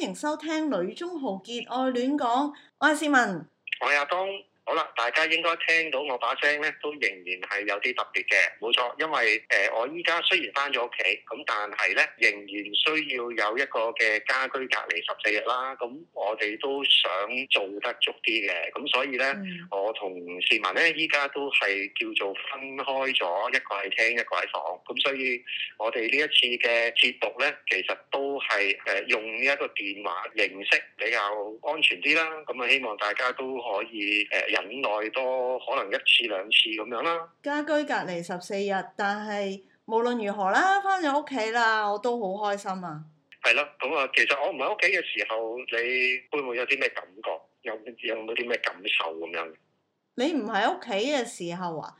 歡迎收聽《女中豪傑愛戀港》，我係市民，我係阿東。好啦，大家應該聽到我把聲咧，都仍然係有啲特別嘅，冇錯。因為誒、呃，我依家雖然返咗屋企，咁但係咧仍然需要有一個嘅家居隔離十四日啦。咁我哋都想做得足啲嘅，咁所以咧，嗯、我同市民咧依家都係叫做分開咗，一個係廳，一個係房。咁所以我哋呢一次嘅接讀咧，其實都係誒用呢一個電話形式比較安全啲啦。咁啊，希望大家都可以誒、呃忍耐多可能一次兩次咁樣啦。家居隔離十四日，但係無論如何啦，翻咗屋企啦，我都好開心啊。係咯，咁啊，其實我唔喺屋企嘅時候，你會唔會有啲咩感覺？有有冇啲咩感受咁樣？你唔喺屋企嘅時候啊，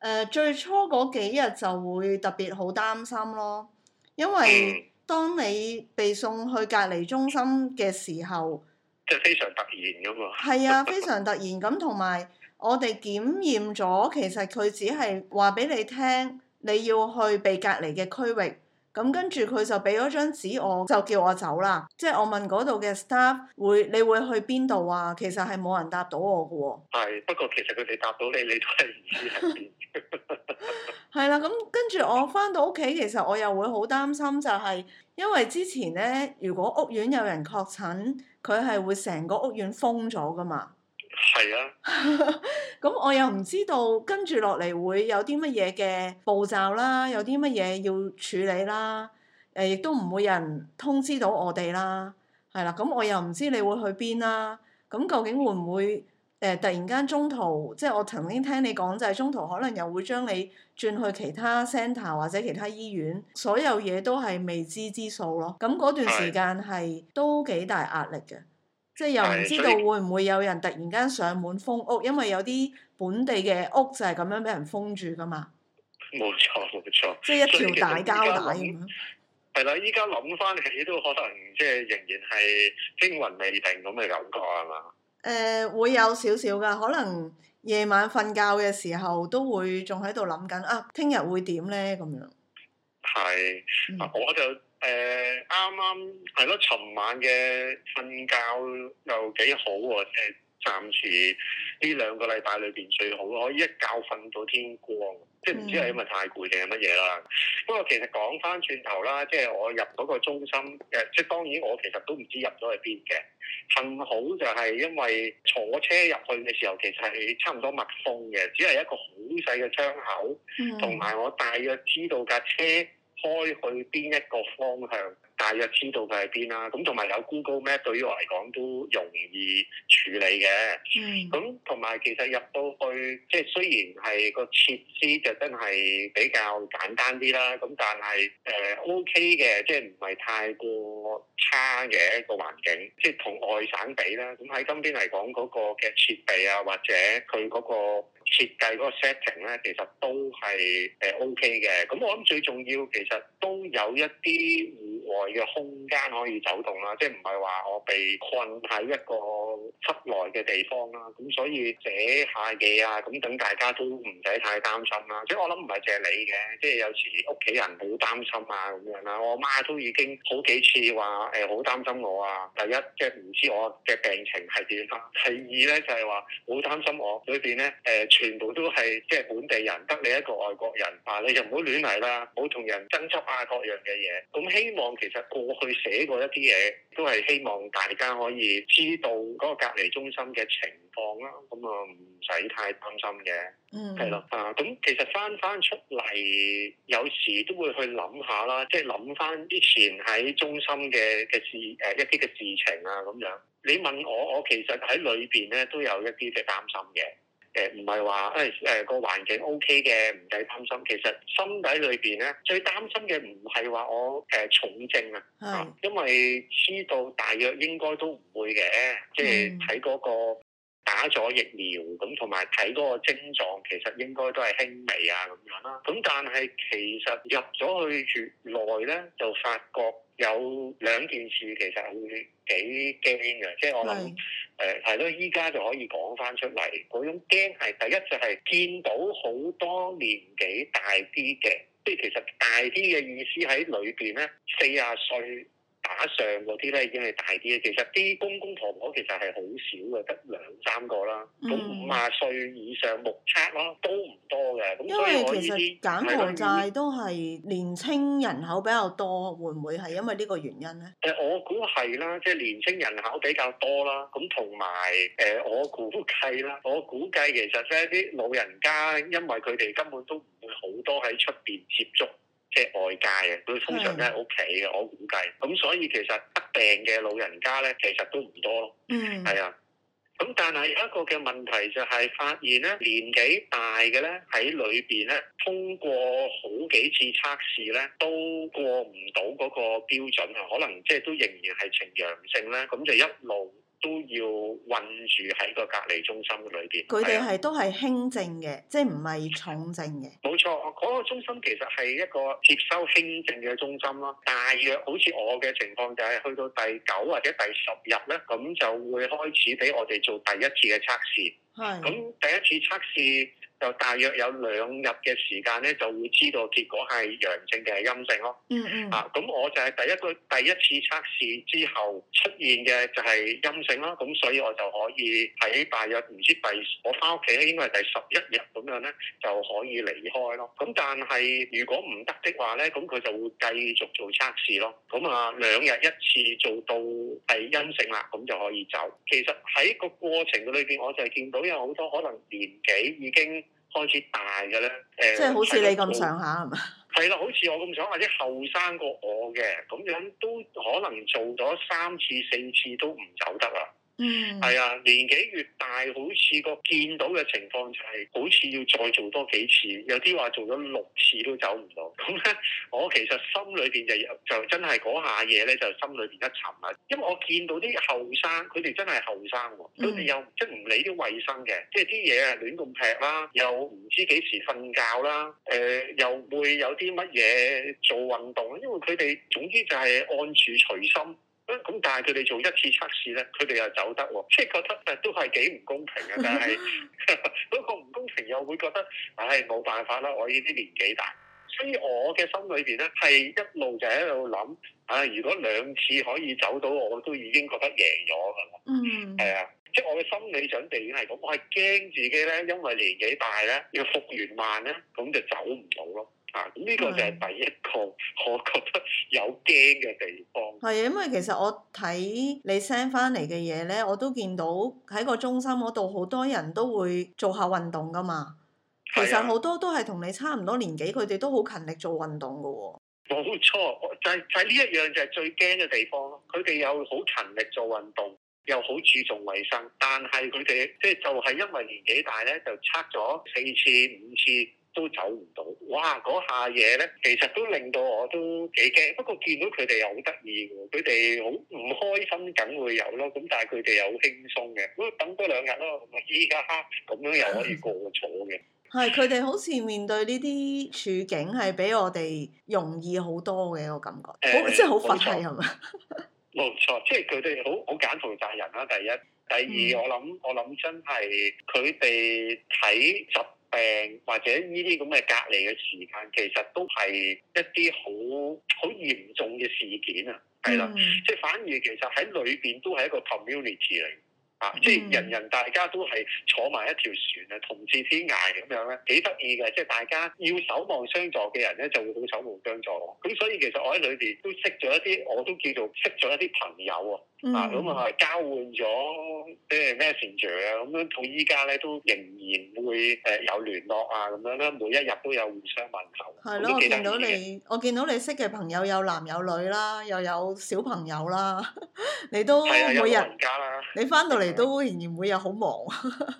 誒、呃，最初嗰幾日就會特別好擔心咯，因為當你被送去隔離中心嘅時候。嗯嗯。即係非常突然㗎嘛，係 啊，非常突然咁，同埋我哋檢驗咗，其實佢只係話俾你聽，你要去被隔離嘅區域。咁跟住佢就俾咗張紙，我就叫我走啦。即係我問嗰度嘅 staff 會，你會去邊度啊？其實係冇人答到我嘅喎。係，不過其實佢哋答到你，你都係唔知係邊。係啦，咁跟住我返到屋企，其實我又會好擔心、就係，就係因為之前咧，如果屋苑有人確診，佢係會成個屋苑封咗噶嘛。係啊，咁 我又唔知道跟住落嚟會有啲乜嘢嘅步驟啦，有啲乜嘢要處理啦，誒亦都唔會有人通知到我哋啦，係啦，咁我又唔知你會去邊啦、啊，咁究竟會唔會誒、呃、突然間中途，即、就、係、是、我曾經聽你講就係、是、中途可能又會將你轉去其他 c e n t r 或者其他醫院，所有嘢都係未知之數咯，咁嗰段時間係的都幾大壓力嘅。即係又唔知道會唔會有人突然間上門封屋，因為有啲本地嘅屋就係咁樣俾人封住噶嘛。冇錯，冇錯。即係一條大膠帶咁樣。係啦以，依家諗翻起都可能，都可能即係仍然係驚魂未定咁嘅感覺係嘛？誒、呃，會有少少㗎，是可能夜晚瞓覺嘅時候都會仲喺度諗緊啊，聽日會點咧咁樣。係是，我就、嗯。嗯誒，啱啱係咯，尋晚嘅瞓覺又幾好喎，即係暫時呢兩個禮拜裏邊最好，可以一覺瞓到天光，即係唔知係因為太攰定係乜嘢啦。Mm hmm. 不過其實講翻轉頭啦，即係我入嗰個中心嘅，即係當然我其實都唔知入咗係邊嘅，幸好就係因為坐車入去嘅時候其實係差唔多密封嘅，只係一個好細嘅窗口，同埋我大約知道架車開去邊一個方向？大約知道佢喺邊啦，咁同埋有 Google Map 對於我嚟講都容易處理嘅。嗯的。咁同埋其實入到去，即係雖然係個設施就真係比較簡單啲啦，咁但係誒 O K 嘅，即係唔係太過差嘅一個環境。即係同外省比啦，咁喺今天嚟講嗰個嘅設備啊，或者佢嗰個設計嗰個 setting 咧，其實都係誒 O K 嘅。咁我諗最重要其實都有一啲戶外嘅空間可以走動啦，即係唔係話我被困喺一個室內嘅地方啦，咁所以寫下嘢啊，咁等大家都唔使太擔心啦。即係我諗唔係淨係你嘅，即係有時屋企人好擔心啊咁樣啦。我媽都已經好幾次話誒好擔心我啊，第一即係唔知我嘅病情係點啦，第二咧就係話好擔心我。裏邊咧誒全部都係即係本地人，得你一個外國人啊，你就唔好亂嚟啦，唔好同人爭執啊各樣嘅嘢。咁希望其實，過去寫過一啲嘢，都係希望大家可以知道嗰個隔離中心嘅情況啦。咁啊，唔使太擔心嘅。嗯、mm.，係啦。啊，咁其實翻翻出嚟，有時都會去諗下啦，即係諗翻之前喺中心嘅嘅事，誒一啲嘅事情啊咁樣。你問我，我其實喺裏邊咧都有一啲嘅擔心嘅。誒唔係話誒誒個環境 O K 嘅，唔使擔心，其實心底裏邊咧最擔心嘅唔係話我誒、呃、重症啊，係因為知道大約應該都唔會嘅，即係睇嗰個。打咗疫苗咁，同埋睇嗰個症狀，其實應該都係輕微啊咁樣啦。咁但係其實入咗去住耐咧，就發覺有兩件事其實會幾驚嘅，即係我諗誒係咯，依家是、呃、就可以講翻出嚟嗰種驚係第一就係見到好多年紀大啲嘅，即係其實大啲嘅意思喺裏邊咧，四啊歲。打上嗰啲咧已經係大啲嘅。其實啲公公婆婆，婆其實係好少嘅，得兩三個啦。咁五十歲以上目測咯，啊，都唔多嘅。咁因為 所以其實柬埔寨都係年輕人口比較多，會唔會係因為呢個原因咧？誒，我估係啦，即、就、係、是、年輕人口比較多啦。咁同埋誒，我估計啦，我估計其實咧啲老人家因為佢哋根本都唔會好多喺出邊接觸。即係外界啊，佢通常都喺屋企嘅，我估計。咁所以其實得病嘅老人家咧，其實都唔多。嗯，係啊。咁但係一個嘅問題就係發現咧，年紀大嘅咧喺裏邊咧，通過好幾次測試咧，都過唔到嗰個標準啊。可能即係都仍然係呈陽性咧，咁就一路，都要困住喺個隔離中心嘅裏邊。佢哋係都係輕症嘅，即係唔係重症嘅。冇錯，嗰個中心其實係一個接收輕症嘅中心咯。大約好似我嘅情況就係去到第九或者第十日咧，咁就會開始俾我哋做第一次嘅測試。係。咁第一次測試。就大約有兩日嘅時間咧，就會知道結果係陽性定係陰性咯。嗯嗯、mm。Hmm. 啊，咁我就係第一個第一次測試之後出現嘅就係陰性啦，咁所以我就可以喺大約唔知第我翻屋企咧應該係第十一日咁樣咧就可以離開咯。咁但係如果唔得的話咧，咁佢就會繼續做測試咯。咁啊，兩日一次做到係陰性啦，咁就可以走。其實喺個過程嘅裏邊，我就係見到有好多可能年紀已經。開始大嘅咧，誒、嗯，即係好似你咁上有下係嘛？係啦， 好似我咁上或者後生過我嘅咁樣，都可能做咗三次四次都唔走得啦！嗯，係啊，年紀越大，好似個見到嘅情況就係，好似要再做多幾次，有啲話做咗六次都走唔到。咁咧，我其實心裏邊就就真係嗰下嘢咧，就心裏邊一沉啊。因為我見到啲後生，佢哋真係後生，佢哋又即係唔理啲衞生嘅，即係啲嘢啊亂咁劈啦，又唔知幾時瞓覺啦，誒、呃、又會有啲乜嘢做運動，因為佢哋總之就係按住隨心。咁，但係佢哋做一次測試咧，佢哋又走得喎，即係覺得誒都係幾唔公平呀。但係嗰個唔公平又會覺得，唉、哎，冇辦法啦，我呢啲年紀大。所以我嘅心裏邊咧係一路就喺度諗，啊，如果兩次可以走到，我都已經覺得贏咗㗎啦。嗯。係啊，即、就、係、是、我嘅心理準備已經係咁，我係驚自己咧，因為年紀大咧，要復原慢咧，咁就走唔到咯。啊，咁呢個就係第一個，我覺得有驚嘅地方。係啊，因為其實我睇你 send 翻嚟嘅嘢咧，我都見到喺個中心嗰度好多人都會做下運動噶嘛。其實好多都係同你差唔多年紀，佢哋都好勤力做運動嘅喎。冇錯，就、就呢一樣就係最驚嘅地方咯。佢哋又好勤力做運動，又好注重衞生，但係佢哋即係就係因為年紀大咧，就測咗四次、五次。都走唔到，哇！嗰下嘢咧，其實都令到我都幾驚。不過見到佢哋又好得意嘅，佢哋好唔開心梗會有咯。咁但係佢哋又好輕鬆嘅，不過等多兩日咯。依家咁樣又可以過坐嘅，係佢哋好似面對呢啲處境係比我哋容易好多嘅一個感覺，誒、嗯，即係好佛系係咪？冇錯，不 錯，即係佢哋好好揀負責任啦。第一，第二，嗯、我諗我諗真係佢哋睇十。病或者呢啲咁嘅隔離嘅時間，其實都係一啲好好嚴重嘅事件啊，係啦，即係、mm. 反而其實喺裏邊都係一個 community 嚟。啊！即係、嗯、人人大家都係坐埋一條船啊，同治天涯咁樣咧，幾得意嘅！即、就、係、是、大家要守望相助嘅人咧，就會守望相助。咁所以其實我喺裏邊都識咗一啲，我都叫做識咗一啲朋友、嗯、啊！啊，咁啊係交換咗即係 Messenger 啊，咁樣到依家咧都仍然會誒有聯絡啊，咁樣咧每一日都有互相問候，咁的都幾得意嘅。我見到你，我見到你識嘅朋友有男有女啦，又有小朋友啦， 你都人每日你翻到嚟，都仍然會有好忙 。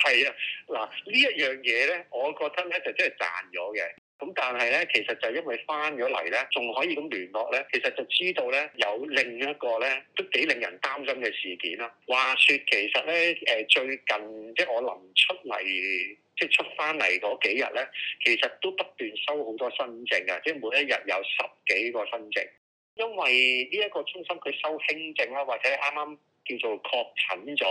係啊，嗱呢一樣嘢咧，我覺得咧就真係賺咗嘅。咁但係咧，其實就因為翻咗嚟咧，仲可以咁聯絡咧，其實就知道咧有另一個咧都幾令人擔心嘅事件啦。話說其實咧，誒最近即係我臨出嚟，即係出翻嚟嗰幾日咧，其實都不斷收好多新症啊，即係每一日有十幾個新症，因為呢一個中心佢收輕症啦，或者啱啱。叫做確診咗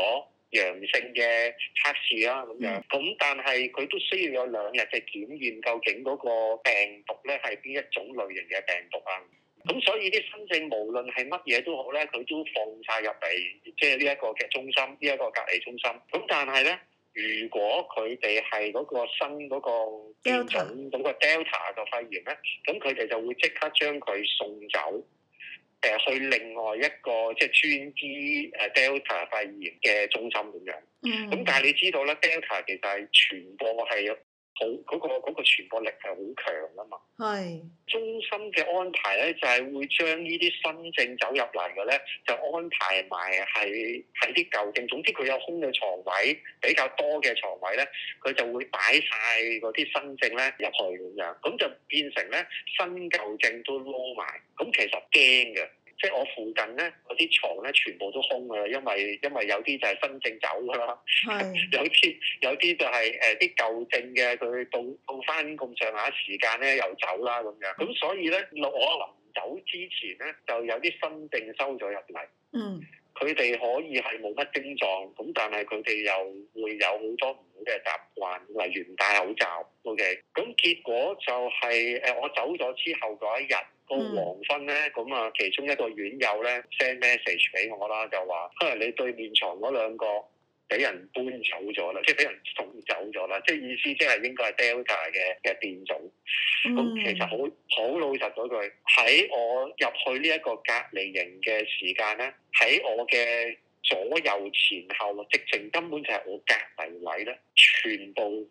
陽性嘅測試啦、啊，咁、嗯、樣，咁但係佢都需要有兩日嘅檢驗，究竟嗰個病毒咧係邊一種類型嘅病毒啊？咁、嗯、所以啲新症無論係乜嘢都好咧，佢都放晒入嚟，即係呢一個嘅中心，呢、這、一個隔離中心。咁但係咧，如果佢哋係嗰個新嗰個變種嗰個 Delta 嘅肺炎咧，咁佢哋就會即刻將佢送走。誒，去另外一個即係、就、專、是、治誒 Delta 肺炎嘅中心咁樣。嗯、mm，咁、hmm. 但係你知道啦 Delta 其實係傳播係。好嗰個嗰個傳播力係好強啊嘛，係，中心嘅安排咧，就係會將呢啲新證走入嚟嘅咧，就安排埋係喺啲舊證，總之佢有空嘅床位比較多嘅床位咧，佢就會擺晒嗰啲新證咧入去咁樣，咁就變成咧新舊證都攞埋，咁其實驚嘅。即係我附近咧，嗰啲床咧全部都空㗎喇，因為因為有啲就係新症走啦是， 有啲有啲就係誒啲舊症嘅，佢到到返咁上下時間咧又走啦咁樣，咁所以咧我臨走之前咧就有啲新症收咗入嚟，嗯，佢哋可以係冇乜症狀，咁但係佢哋又會有好多唔好嘅習慣，例如唔戴口罩 OK，咁結果就係誒我走咗之後嗰一日。個、嗯、黃昏咧，咁啊，其中一個院友咧 send message 俾我啦，就話，嚇你對面床嗰兩個俾人搬走咗啦，即係俾人送走咗啦，即係意思即係應該係 Delta 嘅嘅變種。咁其實好好老實嗰句，喺我入去呢一個隔離營嘅時間咧，喺我嘅左右前後，直情根本就係我隔離位咧，全部。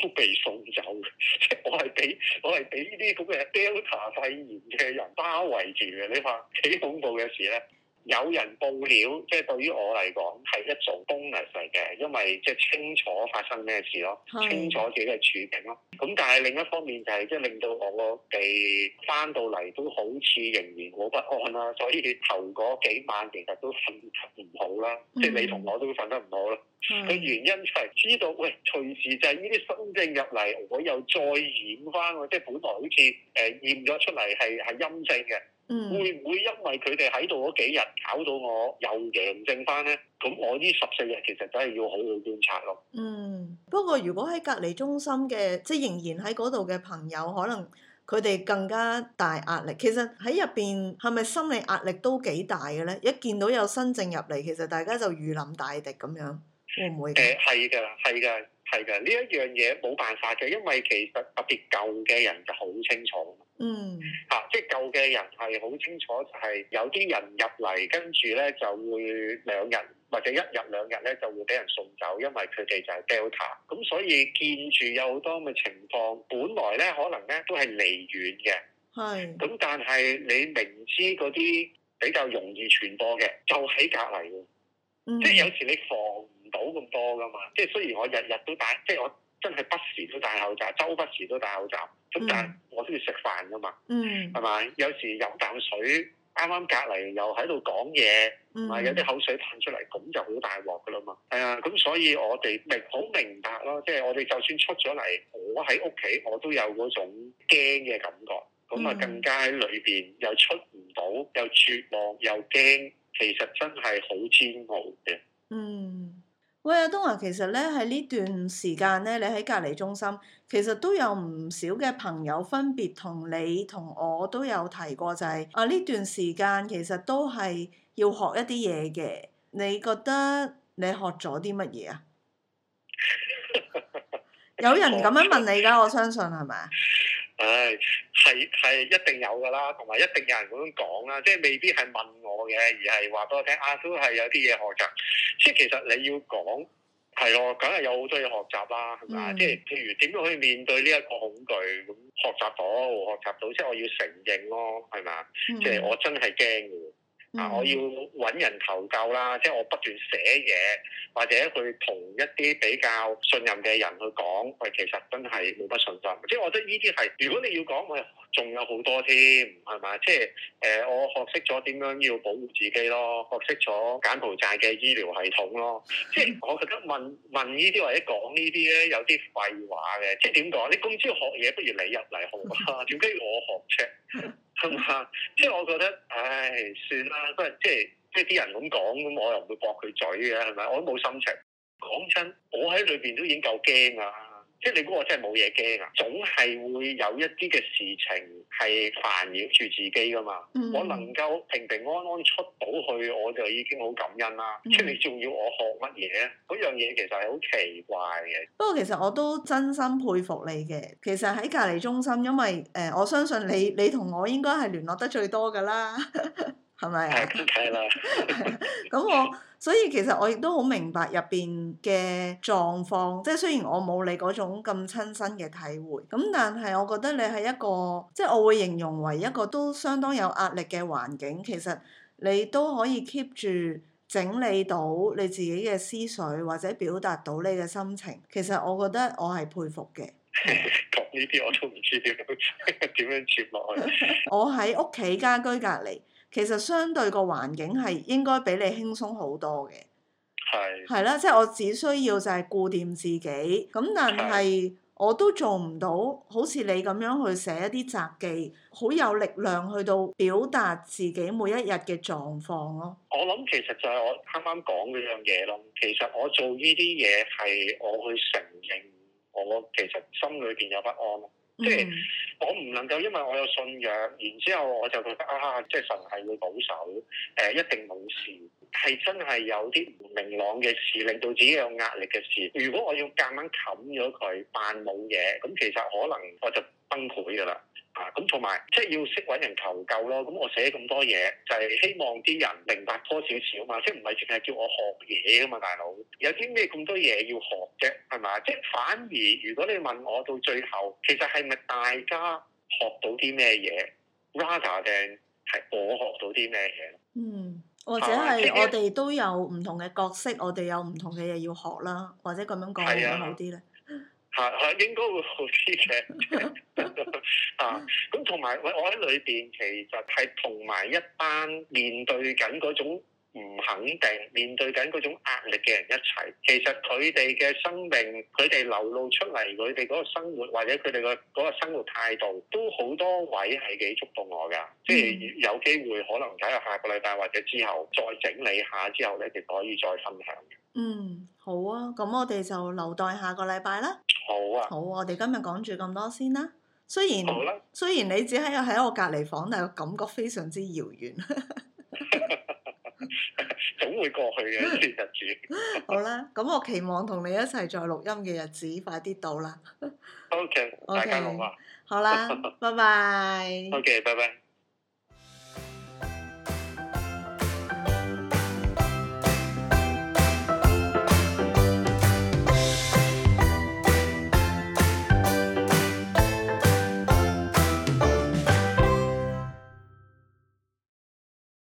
都被送走 被，即係我係俾我係俾呢啲咁嘅 Delta 肺炎嘅人包圍住嘅，你話幾恐怖嘅事咧？有人報料，即、就、係、是、對於我嚟講係一組 bonus 嚟嘅，因為即係清楚發生咩事咯，的清楚自己嘅處境咯。咁但係另一方面就係即係令到我哋翻到嚟都好似仍然好不安啦，所以頭嗰幾晚其實都瞓唔好啦，即係、嗯、你同我都瞓得唔好啦。佢的原因就係知道喂，隨時就係呢啲新症入嚟，我又再染翻我，即、就、係、是、本來好似誒驗咗出嚟係係陰性嘅。嗯、會唔會因為佢哋喺度嗰幾日搞到我又陽性翻咧？咁我呢十四日其實真係要好好觀察咯。嗯，不過如果喺隔離中心嘅，即係仍然喺嗰度嘅朋友，可能佢哋更加大壓力。其實喺入邊係咪心理壓力都幾大嘅咧？一見到有新症入嚟，其實大家就如臨大敵咁樣，會唔會？誒、呃，係嘅，係嘅，係嘅。呢一樣嘢冇辦法嘅，因為其實特別舊嘅人就好清楚。嗯，嚇、mm hmm. 啊，即係舊嘅人係好清楚，就係、是、有啲人入嚟，跟住咧就會兩日或者一日兩日咧就會俾人送走，因為佢哋就係 Delta、嗯。咁所以見住有好多咁嘅情況，本來咧可能咧都係離遠嘅，係是。咁、嗯、但係你明知嗰啲比較容易傳播嘅，就喺隔籬㗎。Mm hmm. 即係有時你防唔到咁多㗎嘛。即係雖然我日日都打，即係我。真係不時都戴口罩，周不時都戴口罩。咁、嗯、但係我都要食飯㗎嘛，係咪、嗯？有時飲啖水，啱啱隔籬又喺度講嘢，係、嗯、有啲口水噴出嚟？咁就好大鑊㗎啦嘛。係啊，咁所以我哋咪好明白咯，即、就、係、是、我哋就算出咗嚟，我喺屋企我都有嗰種驚嘅感覺。咁啊，更加喺裏邊又出唔到，又絕望又驚，其實真係好煎熬嘅。嗯。喂，阿東華、啊，其實咧喺呢段時間咧，你喺隔離中心，其實都有唔少嘅朋友分別同你同我都有提過，就係、是、啊呢段時間其實都係要學一啲嘢嘅。你覺得你學咗啲乜嘢啊？ 有人咁樣問你噶，我相信係咪啊？唉，係係、 哎、一定有噶啦，同埋一定有人咁樣講啦，即、就、係、是、未必係問我嘅，而係話俾我聽。阿蘇係有啲嘢學著。即係其實你要講係咯，梗係有好多嘢學習啦，係咪？即係、mm hmm. 譬如點樣可以面對呢一個恐懼咁，學習到、學習到，即係我要承認咯，係咪？即係、mm hmm. 我真係驚嘅。嗱，嗯、我要揾人求救啦，即、就、係、是、我不斷寫嘢，或者去同一啲比較信任嘅人去講，喂，其實真係冇乜信心。即、就、係、是、我覺得呢啲係，如果你要講，喂，仲有好多添，係、就、咪、是？即係誒，我學識咗點樣要保護自己咯，學識咗柬埔寨嘅醫療系統咯。即係、嗯、我覺得問問呢啲或者講呢啲咧，有啲廢話嘅。即係點講？你咁知學嘢不如你入嚟好學，點解、嗯、要我學啫？嗯係嘛？即係我覺得，唉，算啦，都係即係即係啲人咁講，咁我又唔會駁佢嘴嘅，係咪？我都冇心情。講真，我喺裏邊都已經夠驚㗎。即係你估我真係冇嘢驚啊！總係會有一啲嘅事情係煩擾住自己㗎嘛。嗯、我能夠平平安安出到去，我就已經好感恩啦。出嚟仲要我學乜嘢？嗰樣嘢其實係好奇怪嘅。不過其實我都真心佩服你嘅。其實喺隔離中心，因為誒，我相信你，你同我應該係聯絡得最多㗎喇。 係啊，咁、 啊、我所以其實我亦都好明白入邊嘅狀況，即係雖然我冇你嗰種咁親身嘅體會，咁但係我覺得你係一個，即係我會形容為一個都相當有壓力嘅環境。其實你都可以 keep 住整理到你自己嘅思緒，或者表達到你嘅心情。其實我覺得我係佩服嘅。講呢啲我都唔知點點樣接落 去。 我喺屋企家居隔離。其實相對個環境係應該比你輕鬆好多嘅，係，係啦，即係我只需要就係顧掂自己，咁但係我都做唔到好似你咁樣去寫一啲雜記，好有力量去到表達自己每一日嘅狀況咯。我諗其實就係我啱啱講嗰樣嘢咯，其實我做呢啲嘢係我去承認我其實心裏邊有不安咯。即係、mm hmm. 我唔能夠，因為我有信仰，然之後我就覺得啊，即係神係會保守，誒、呃、一定冇事。係真係有啲唔明朗嘅事，令到自己有壓力嘅事。如果我要夾硬冚咗佢，扮冇嘢，咁其實可能我就崩潰㗎啦。咁同埋，即係要識揾人求救咯。咁我寫咁多嘢，就係希望啲人明白多少少嘛。即係唔係淨係叫我學嘢噶嘛，大佬。有啲咩咁多嘢要學啫，係咪？即係反而，如果你問我到最後，其實係咪大家學到啲咩嘢？Radaring 定係我學到啲咩嘢？嗯，或者係我哋都有唔同嘅角色，我哋有唔同嘅嘢要學啦。或者咁樣講會好啲咧？嚇嚇，應該會好啲嘅。啊，咁同埋我，我喺裏邊其實係同埋一班面對緊嗰種唔肯定、面對緊嗰種壓力嘅人一齊。其實佢哋嘅生命、佢哋流露出嚟佢哋嗰個生活，或者佢哋個嗰個生活態度，都好多位係幾觸動我㗎。即係、嗯、有機會可能睇下下個禮拜或者之後再整理下之後咧，就可以再分享。嗯，好啊，咁我哋就留待下個禮拜啦。好啊。好，啊，我哋今日講住咁多先啦。好雖然好、啊、雖然你只喺喺我隔離房，但係感覺非常之遙遠。哈哈哈！總會過去嘅呢啲日子。 好啦、啊，咁我期望同你一齊再錄音嘅日子快啲到啦。 o、okay, K，大家好， 好啊。好啦，拜拜。O、okay, K，拜拜。